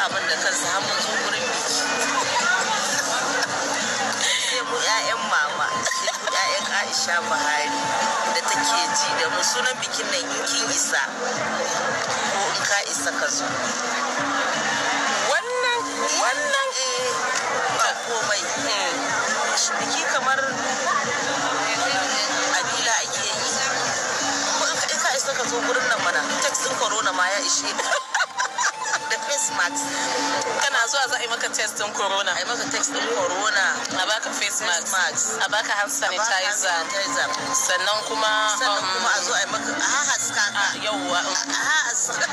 abin da kansa har mun zo gurin sai mu 'ya'yan mama sai mu 'ya'yan aisha buhari da take ji da mu sunan bikin nan kin isa ko in ka isa ka zo wannan wannan eh, ba komai eh, biki kamar abila ake yi ko in ka isa ka zo gurin nan mana tax din corona ma ya ishe face mask kana zuwa za a yi maka test din corona a yi maka test din corona a baka face mask a baka hand sanitizer sannan kuma sannan um, kuma a zo a yi maka a haska ka yawwa a um. haska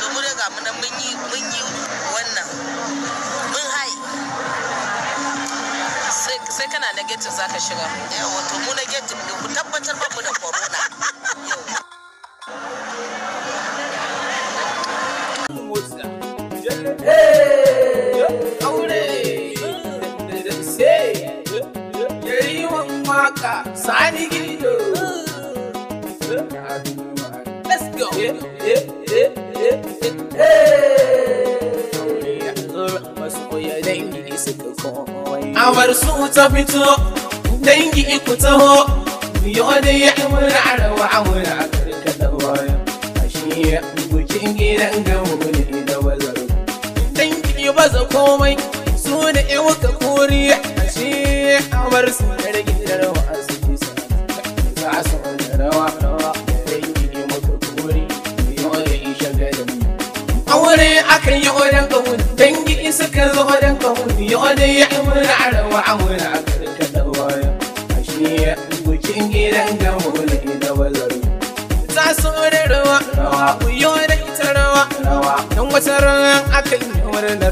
to mu daga mu nan mun yi mun yi wannan mun hai sai kana negative zaka shiga yawa to mu negative ne ku tabbatar ba mu da corona yau Sani Gido. Let's go. Yeah, yeah, su ta fito, dangi iku taho. Yau da ya amura arawa amura a karkata waya. Ashe bukin gidan gamu ne da bazaro. Dangi baza komai, su da wuka kuriya. ce kamar su da gidan wa'azi za su wani rawa rawa da yi ne maka kuri yau da isha gari aure akan yi odan kawun dangi in suka zo odan kawun yau da ya amura a rawa a wani rika karkata waya a shi bukin gidan gamu ne da bazaru za su wani rawa rawa ku yi da ita rawa rawa don wata rawa akan yi wani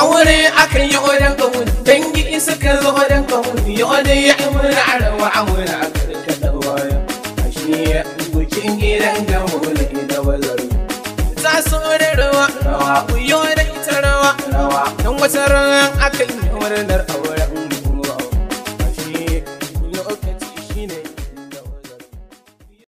aure aka yi odin kawun dangi in suka zo odin kawun yi odin ya yi muna arawa a muna a karka da waya a shi bukin gidan gamu ne da za su da rawa rawa ku ita rawa rawa